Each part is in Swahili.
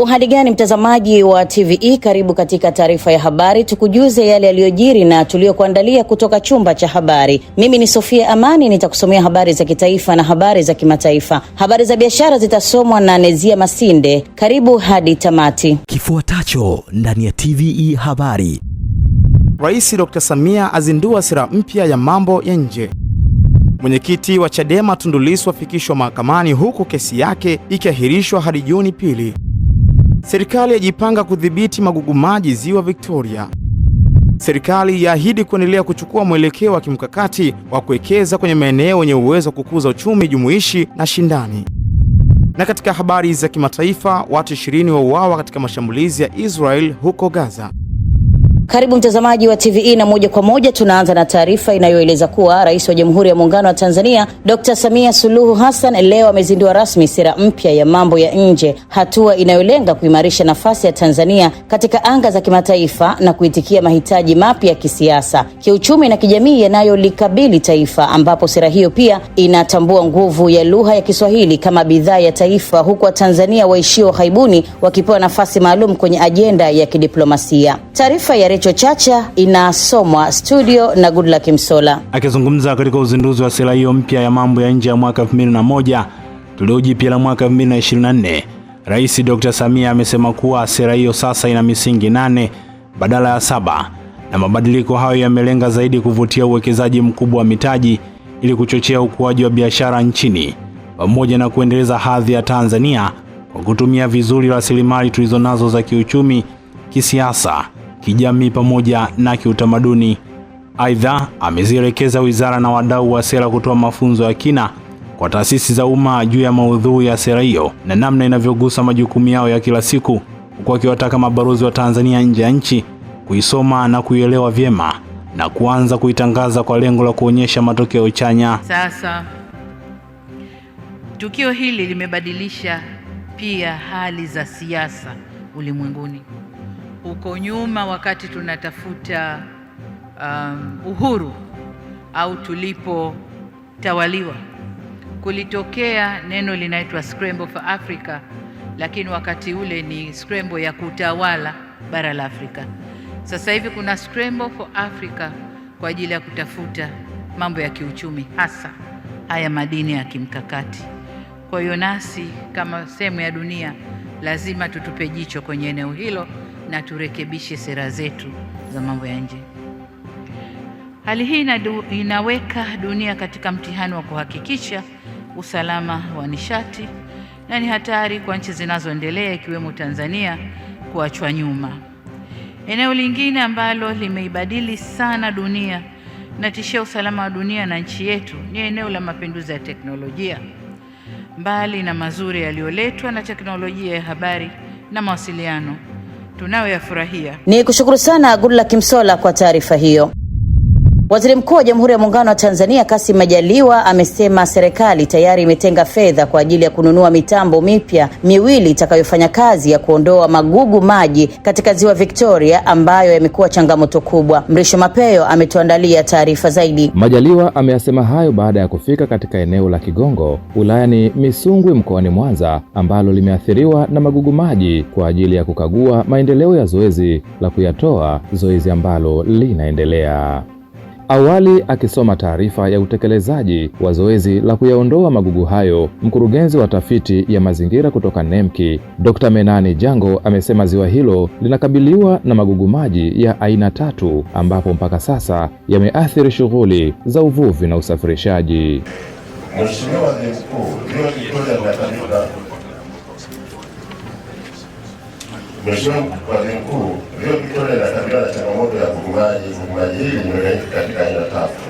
Uhali gani mtazamaji wa TVE, karibu katika taarifa ya habari, tukujuze yale yaliyojiri na tuliyokuandalia kutoka chumba cha habari. Mimi ni Sofia Amani, nitakusomea habari za kitaifa na habari za kimataifa. Habari za biashara zitasomwa na Nezia Masinde. Karibu hadi tamati. Kifuatacho ndani ya TVE habari. Rais Dr. Samia azindua sera mpya ya mambo ya nje. Mwenyekiti wa Chadema Tundu Lissu afikishwa mahakamani huku kesi yake ikiahirishwa hadi Juni pili. Serikali yajipanga kudhibiti magugu maji ziwa Victoria. Serikali yaahidi kuendelea kuchukua mwelekeo wa kimkakati wa kuwekeza kwenye maeneo yenye uwezo wa kukuza uchumi jumuishi na shindani. Na katika habari za kimataifa, watu 20 wauawa katika mashambulizi ya Israel huko Gaza. Karibu mtazamaji wa TVE na moja kwa moja tunaanza na taarifa inayoeleza kuwa Rais wa Jamhuri ya Muungano wa Tanzania Dr. Samia Suluhu Hassan leo amezindua rasmi sera mpya ya mambo ya nje, hatua inayolenga kuimarisha nafasi ya Tanzania katika anga za kimataifa na kuitikia mahitaji mapya ya kisiasa, kiuchumi na kijamii yanayolikabili taifa, ambapo sera hiyo pia inatambua nguvu ya lugha ya Kiswahili kama bidhaa ya taifa, huku Watanzania waishio ughaibuni wakipewa nafasi maalum kwenye ajenda ya kidiplomasia. Taarifa ya Chacha, inasomwa studio na Goodluck Msola. Akizungumza katika uzinduzi wa sera hiyo mpya ya mambo ya nje ya mwaka 2021 toleo jipya la mwaka 2024, Rais Dr. Samia amesema kuwa sera hiyo sasa ina misingi nane badala ya saba na mabadiliko hayo yamelenga zaidi kuvutia uwekezaji mkubwa wa mitaji ili kuchochea ukuaji wa biashara nchini pamoja na kuendeleza hadhi ya Tanzania kwa kutumia vizuri rasilimali tulizonazo za kiuchumi, kisiasa kijamii pamoja na kiutamaduni. Aidha, amezielekeza wizara na wadau wa sera kutoa mafunzo ya kina kwa taasisi za umma juu ya maudhui ya sera hiyo na namna inavyogusa majukumu yao ya kila siku, huku akiwataka mabalozi wa Tanzania nje ya nchi kuisoma na kuielewa vyema na kuanza kuitangaza kwa lengo la kuonyesha matokeo chanya. Sasa tukio hili limebadilisha pia hali za siasa ulimwenguni huko nyuma wakati tunatafuta um, uhuru au tulipotawaliwa, kulitokea neno linaitwa scramble for Africa, lakini wakati ule ni scramble ya kutawala bara la Afrika. Sasa hivi kuna scramble for Africa kwa ajili ya kutafuta mambo ya kiuchumi, hasa haya madini ya kimkakati. Kwa hiyo nasi kama sehemu ya dunia lazima tutupe jicho kwenye eneo hilo na turekebishe sera zetu za mambo ya nje. Hali hii inaweka dunia katika mtihani wa kuhakikisha usalama wa nishati na ni hatari kwa nchi zinazoendelea ikiwemo Tanzania kuachwa nyuma. Eneo lingine ambalo limeibadili sana dunia na tishia usalama wa dunia na nchi yetu ni eneo la mapinduzi ya teknolojia. Mbali na mazuri yaliyoletwa na teknolojia ya habari na mawasiliano tunayoyafurahia. Ni kushukuru sana Gudla Kimsola kwa taarifa hiyo. Waziri Mkuu wa Jamhuri ya Muungano wa Tanzania Kassim Majaliwa amesema serikali tayari imetenga fedha kwa ajili ya kununua mitambo mipya miwili itakayofanya kazi ya kuondoa magugu maji katika Ziwa Victoria ambayo yamekuwa changamoto kubwa. Mrisho mapeo ametuandalia taarifa zaidi. Majaliwa ameyasema hayo baada ya kufika katika eneo la Kigongo wilayani Misungwi mkoani Mwanza ambalo limeathiriwa na magugu maji kwa ajili ya kukagua maendeleo ya zoezi la kuyatoa, zoezi ambalo linaendelea. Awali akisoma taarifa ya utekelezaji wa zoezi la kuyaondoa magugu hayo, mkurugenzi wa tafiti ya mazingira kutoka NEMKI Dr. Menani Jango amesema ziwa hilo linakabiliwa na magugu maji ya aina tatu ambapo mpaka sasa yameathiri shughuli za uvuvi na usafirishaji. Mheshimiwa Mkuu, Mheshimiwa Waziri Mkuu, Ziwa Victoria inakabiliwa na changamoto ya vugumaji. Vugumaji hili limegawanyika katika aina tatu.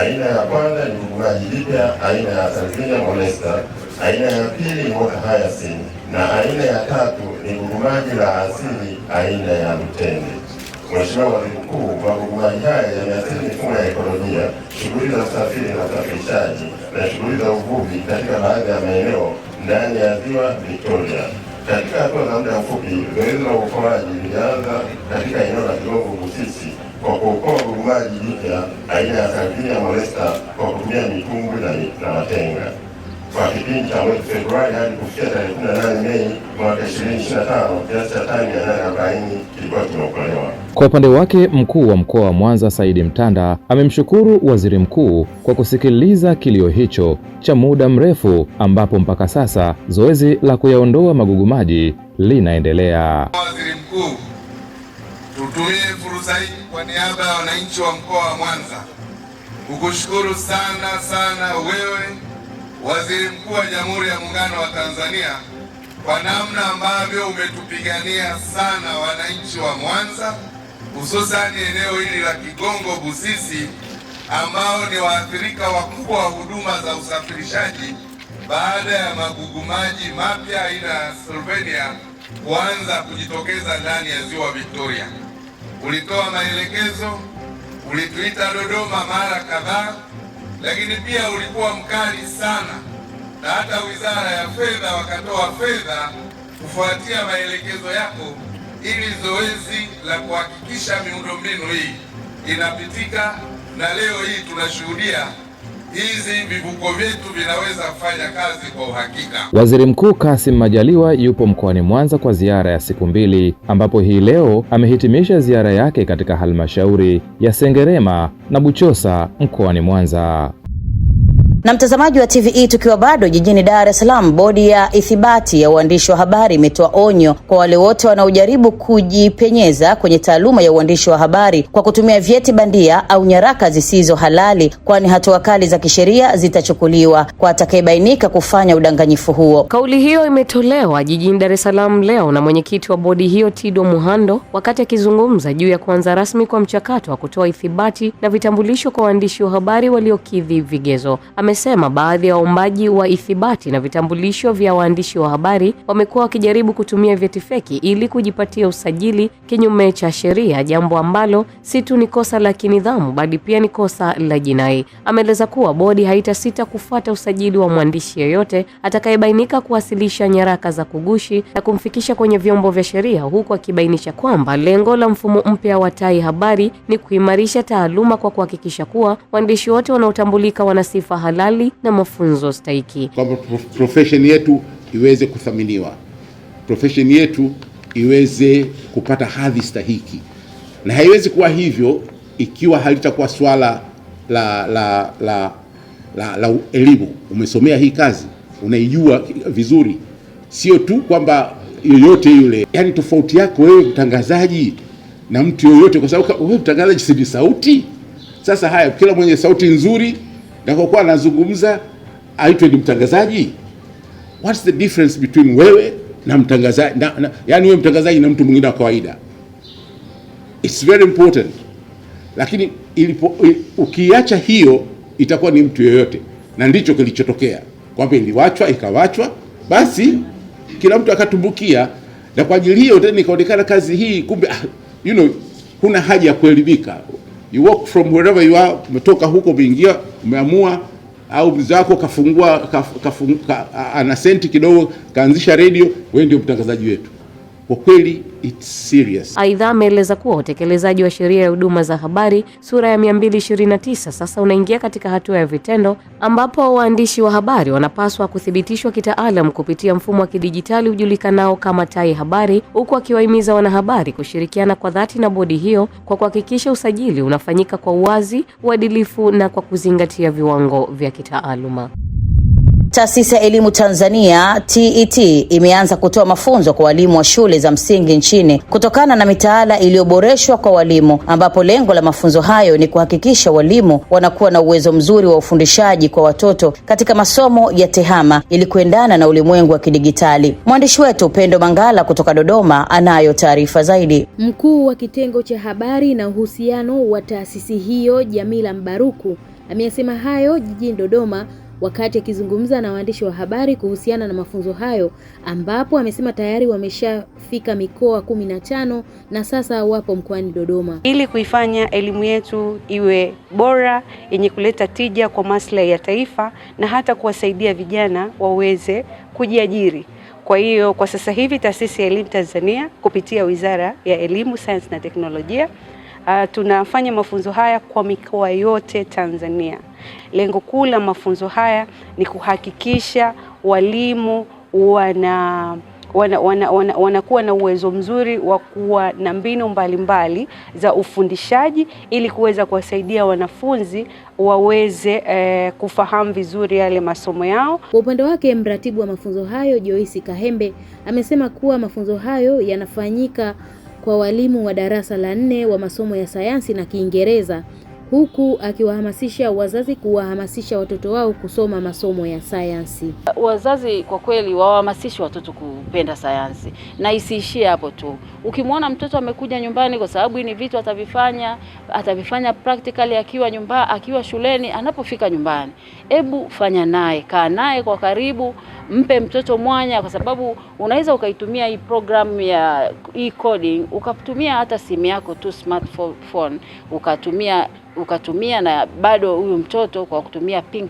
Aina ya kwanza ni vugumaji jipya, aina ya Salvinia molesta, aina ya pili ni Water Hyacinth na aina ya tatu ni vugumaji la asili, aina ya mtende. Mheshimiwa Waziri Mkuu, magugumaji haya yameathiri mifumo ya ekolojia, shughuli za usafiri na usafirishaji na shughuli za uvuvi katika baadhi ya maeneo ndani ya Ziwa Victoria. Katika hatua za muda mfupi, zoezi la uokoaji lilianza katika eneo la Kigongo Busisi kwa kuokoa gugumaji jipya aina ya Salvinia molesta kwa kutumia mitumbwi na matenga kwa kipindi cha mwezi Februari hadi kufikia tarehe 18 Mei mwaka 2025 kiasi cha tani 840 kilikuwa kimeokolewa. Kwa upande wake mkuu wa mkoa wa Mwanza Saidi Mtanda amemshukuru waziri mkuu kwa kusikiliza kilio hicho cha muda mrefu, ambapo mpaka sasa zoezi la kuyaondoa magugu maji linaendelea. Waziri mkuu, tutumie fursa hii kwa niaba ya wananchi wa mkoa wa Mwanza kukushukuru sana sana wewe Waziri Mkuu wa Jamhuri ya Muungano wa Tanzania, kwa namna ambavyo umetupigania sana wananchi wa Mwanza, hususani eneo hili la Kigongo Busisi, ambao ni waathirika wakubwa wa huduma za usafirishaji baada ya magugu maji mapya aina ya Slovenia kuanza kujitokeza ndani ya ziwa Victoria. Ulitoa maelekezo, ulituita Dodoma mara kadhaa lakini pia ulikuwa mkali sana, na hata wizara ya fedha wakatoa fedha kufuatia maelekezo yako, ili zoezi la kuhakikisha miundombinu hii inapitika, na leo hii tunashuhudia hizi vivuko vyetu vinaweza kufanya kazi kwa uhakika. Waziri Mkuu Kassim Majaliwa yupo mkoani Mwanza kwa ziara ya siku mbili, ambapo hii leo amehitimisha ziara yake katika halmashauri ya Sengerema na Buchosa mkoani Mwanza. Na mtazamaji wa TVE, tukiwa bado jijini Dar es Salaam, bodi ya ithibati ya uandishi wa habari imetoa onyo kwa wale wote wanaojaribu kujipenyeza kwenye taaluma ya uandishi wa habari kwa kutumia vyeti bandia au nyaraka zisizo halali, kwani hatua kali za kisheria zitachukuliwa kwa atakayebainika kufanya udanganyifu huo. Kauli hiyo imetolewa jijini Dar es Salaam leo na mwenyekiti wa bodi hiyo Tido Muhando wakati akizungumza juu ya kuanza rasmi kwa mchakato wa kutoa ithibati na vitambulisho kwa waandishi wa habari waliokidhi vigezo Ame amesema baadhi ya waombaji wa ithibati na vitambulisho vya waandishi wa habari wamekuwa wakijaribu kutumia vyeti feki ili kujipatia usajili kinyume cha sheria, jambo ambalo si tu ni kosa la kinidhamu bali pia ni kosa la jinai. Ameeleza kuwa bodi haitasita kufuata usajili wa mwandishi yeyote atakayebainika kuwasilisha nyaraka za kugushi na kumfikisha kwenye vyombo vya sheria, huku akibainisha kwamba lengo la mfumo mpya wa Tai Habari ni kuimarisha taaluma kwa kuhakikisha kuwa waandishi wote wanaotambulika wana sifa halali halali na mafunzo stahiki, kwamba profesheni yetu iweze kuthaminiwa, profesheni yetu iweze kupata hadhi stahiki, na haiwezi kuwa hivyo ikiwa halitakuwa swala la, la, la, la, la elimu. Umesomea hii kazi, unaijua vizuri, sio tu kwamba yoyote yule. Yani tofauti yako wewe mtangazaji na mtu yoyote, kwa sababu wewe mtangazaji si sauti. Sasa haya, kila mwenye sauti nzuri Nakokuwa anazungumza aitwe ni mtangazaji. What's the difference between wewe na mtangazaji na, na, yani wewe mtangazaji na mtu mwingine wa kawaida? It's very important, lakini ilipo, ukiacha hiyo itakuwa ni mtu yoyote na ndicho kilichotokea kwamba iliwachwa ikawachwa, basi kila mtu akatumbukia, na kwa ajili hiyo tena ikaonekana kazi hii kumbe, ah, you know, kuna haja ya kuelimika you walk from wherever you are, umetoka huko umeingia, umeamua au mzee wako kafungua, kafungua, ka, ana senti kidogo kaanzisha redio, wewe ndio mtangazaji wetu. Kwa kweli it's serious. Aidha, ameeleza kuwa utekelezaji wa sheria ya huduma za habari sura ya 229 sasa unaingia katika hatua ya vitendo ambapo waandishi wa habari wanapaswa kuthibitishwa kitaalam kupitia mfumo wa kidijitali ujulikanao kama Tai Habari, huku akiwahimiza wanahabari kushirikiana kwa dhati na bodi hiyo kwa kuhakikisha usajili unafanyika kwa uwazi, uadilifu na kwa kuzingatia viwango vya kitaaluma. Taasisi ya Elimu Tanzania TET e imeanza kutoa mafunzo kwa walimu wa shule za msingi nchini kutokana na mitaala iliyoboreshwa kwa walimu, ambapo lengo la mafunzo hayo ni kuhakikisha walimu wanakuwa na uwezo mzuri wa ufundishaji kwa watoto katika masomo ya tehama ili kuendana na ulimwengu wa kidigitali. Mwandishi wetu Pendo Mangala kutoka Dodoma anayo taarifa zaidi. Mkuu wa kitengo cha habari na uhusiano wa taasisi hiyo Jamila Mbaruku amesema hayo jijini Dodoma wakati akizungumza na waandishi wa habari kuhusiana na mafunzo hayo ambapo amesema tayari wameshafika mikoa kumi na tano na sasa wapo mkoani Dodoma ili kuifanya elimu yetu iwe bora yenye kuleta tija kwa maslahi ya taifa na hata kuwasaidia vijana waweze kujiajiri. Kwa hiyo kwa sasa hivi Taasisi ya Elimu Tanzania kupitia Wizara ya Elimu, Sayansi na Teknolojia Uh, tunafanya mafunzo haya kwa mikoa yote Tanzania. Lengo kuu la mafunzo haya ni kuhakikisha walimu wana wanakuwa wana, wana, wana na uwezo mzuri wa kuwa na mbinu mbalimbali za ufundishaji ili kuweza kuwasaidia wanafunzi waweze eh, kufahamu vizuri yale masomo yao. Kwa upande wake, mratibu wa mafunzo hayo Joyce Kahembe amesema kuwa mafunzo hayo yanafanyika kwa walimu wa darasa la nne wa masomo ya sayansi na Kiingereza huku akiwahamasisha wazazi kuwahamasisha watoto wao kusoma masomo ya sayansi. Wazazi kwa kweli wawahamasishe watoto kupenda sayansi, na isiishie hapo tu. Ukimwona mtoto amekuja nyumbani, kwa sababu ni vitu atavifanya atavifanya practically akiwa nyumba, akiwa shuleni, anapofika nyumbani, ebu fanya naye, kaa naye kwa karibu, mpe mtoto mwanya, kwa sababu unaweza ukaitumia hii program ya e-coding ukatumia hata simu yako tu smartphone ukatumia ukatumia na bado huyu mtoto kwa kutumia ping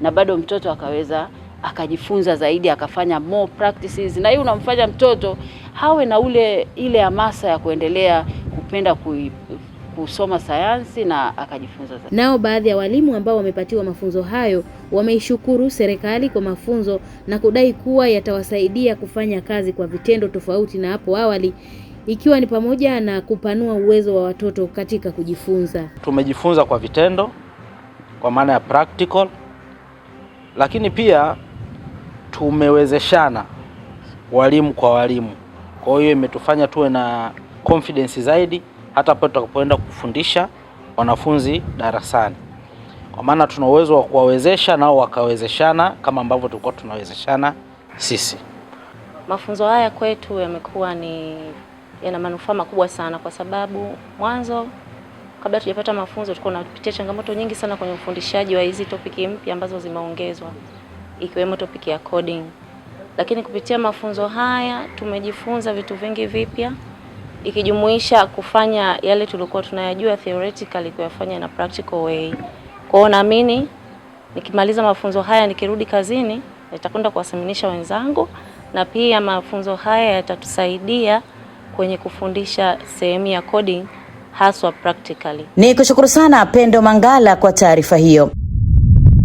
na bado mtoto akaweza akajifunza zaidi akafanya more practices, na hii unamfanya mtoto hawe na ule ile hamasa ya kuendelea kupenda kui, kusoma sayansi na akajifunza zaidi. Nao baadhi ya walimu ambao wamepatiwa mafunzo hayo wameishukuru serikali kwa mafunzo na kudai kuwa yatawasaidia kufanya kazi kwa vitendo tofauti na hapo awali ikiwa ni pamoja na kupanua uwezo wa watoto katika kujifunza. Tumejifunza kwa vitendo, kwa maana ya practical, lakini pia tumewezeshana walimu kwa walimu. Kwa hiyo imetufanya tuwe na confidence zaidi hata pale tutakapoenda kufundisha wanafunzi darasani, kwa maana tuna uwezo wa kuwawezesha nao wakawezeshana kama ambavyo tulikuwa tunawezeshana sisi. Mafunzo haya kwetu yamekuwa ni yana manufaa makubwa sana, kwa sababu mwanzo kabla tujapata mafunzo tulikuwa tunapitia changamoto nyingi sana kwenye ufundishaji wa hizi topiki mpya ambazo zimeongezwa ikiwemo topiki ya coding, lakini kupitia mafunzo haya tumejifunza vitu vingi vipya ikijumuisha kufanya yale tulikuwa tunayajua theoretically kuyafanya na practical way. Kwao naamini nikimaliza mafunzo haya nikirudi kazini nitakwenda kuwasaminisha wenzangu, na pia mafunzo haya yatatusaidia kwenye kufundisha sehemu ya coding haswa practically. Ni kushukuru sana Pendo Mangala kwa taarifa hiyo.